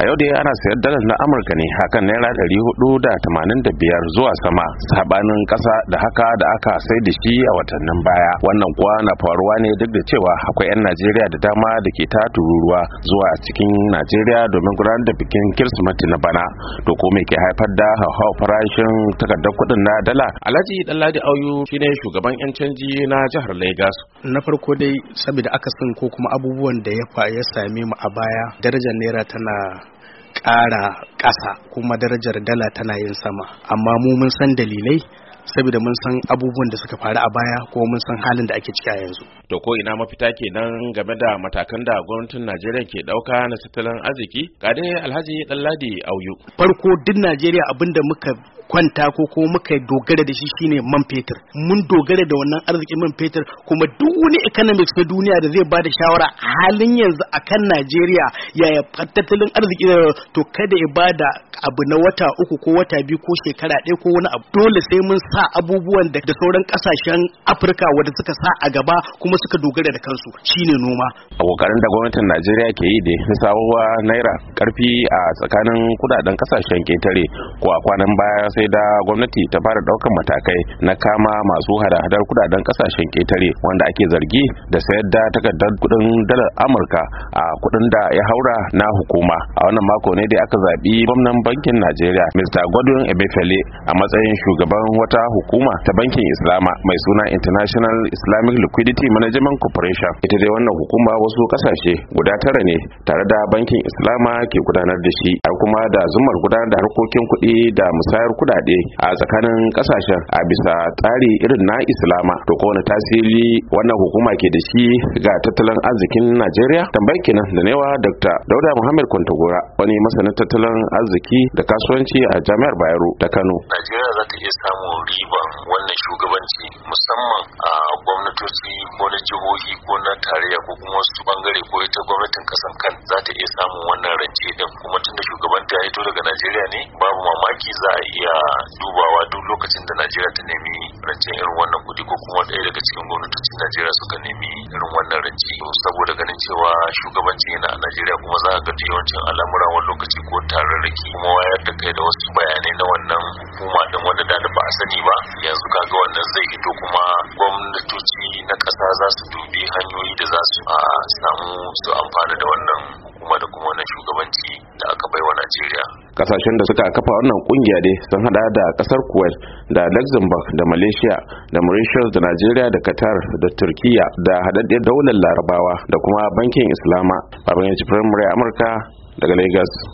a yau dai ana sayar dalar na amurka ne hakan naira ɗari hudu da tamanin da biyar zuwa sama sabanin ƙasa da haka da aka sai da shi a watannin baya wannan kuwa na faruwa ne duk da cewa akwai 'yan najeriya da dama da ke ta tururuwa zuwa cikin najeriya domin gudanar da bikin kirsimeti na bana to ko me ke haifar da hauhau farashin takardar kuɗin na dala alhaji ɗanladi auyu shine shugaban 'yan canji na jihar Legas. na farko dai saboda akasin ko kuma abubuwan da ya same mu a baya darajar naira tana ƙara ƙasa kuma darajar dala tana yin sama amma mu mun san dalilai saboda mun san abubuwan da suka faru a baya ko mun san halin da ake ciki a yanzu. To ko ina mafita ke kenan game da matakan da gwamnatin Najeriya ke dauka na tattalin arziki? Ga dai Alhaji Ɗanladi Auyu. Farko duk Najeriya abinda muka kwanta ko ko muka dogara da shi shine man fetur mun dogara da wannan arzikin man fetur kuma duk wani economics na duniya da zai bada shawara halin yanzu akan Najeriya yaya tattalin arziki to kada ya bada abu na wata uku ko wata biyu ko shekara ɗaya ko wani abu dole sai mun sa abubuwan da sauran kasashen Afirka wanda suka sa a gaba kuma suka dogara da kansu shine noma a kokarin da gwamnatin Najeriya ke yi da sabuwa naira karfi a tsakanin kudaden kasashen ketare ko a kwanan baya sai da gwamnati ta fara daukan matakai na kama masu hada-hadar kudaden kasashen ketare wanda ake zargi da sayar da takardar kudin dalar amurka a kudin da ya haura na hukuma a wannan mako ne da aka zaɓi gwamnan bankin najeriya mr godwin ebefele a matsayin shugaban wata hukuma ta bankin islama mai suna international islamic liquidity management corporation ita dai wannan hukuma wasu kasashe guda tara ne tare da bankin islama ke gudanar da shi kuma da zumar gudanar da harkokin kuɗi da musayar kuɗi kuɗaɗe a tsakanin ƙasashen a bisa tsari irin na islama to kowane tasiri wannan hukuma ke da shi ga tattalin arzikin najeriya tambayi kenan da newa dr dauda muhammad kwantagora wani masanin tattalin arziki da kasuwanci a jami'ar bayero ta kano najeriya za ta iya samun riba wannan shugabanci musamman a gwamnatoci ko na jihohi ko na tarayya ko kuma wasu bangare ko ita gwamnatin kasan kan za ta iya samun wannan rance din kuma tunda shugaban ta ya daga najeriya ne babu mamaki za a iya dubawa duk lokacin da najeriya ta nemi rancen irin wannan kudi ko kuma ɗaya daga cikin gwamnatocin najeriya suka nemi irin wannan rance saboda ganin cewa shugabanci yana a najeriya kuma za a gaji yawancin al'amura wani lokaci ko tararraki kuma wayar da kai da wasu bayanai na wannan hukuma din wanda da ba a sani ba yanzu kaga wannan zai hito kuma gwamnatoci kasashen da suka kafa wannan kungiya dai sun hada da kasar kuwait da luxembourg da malaysia da mauritius da nigeria da qatar da turkiya da hadadda daular larabawa da kuma bankin islama babban yanci firamare amurka daga lagos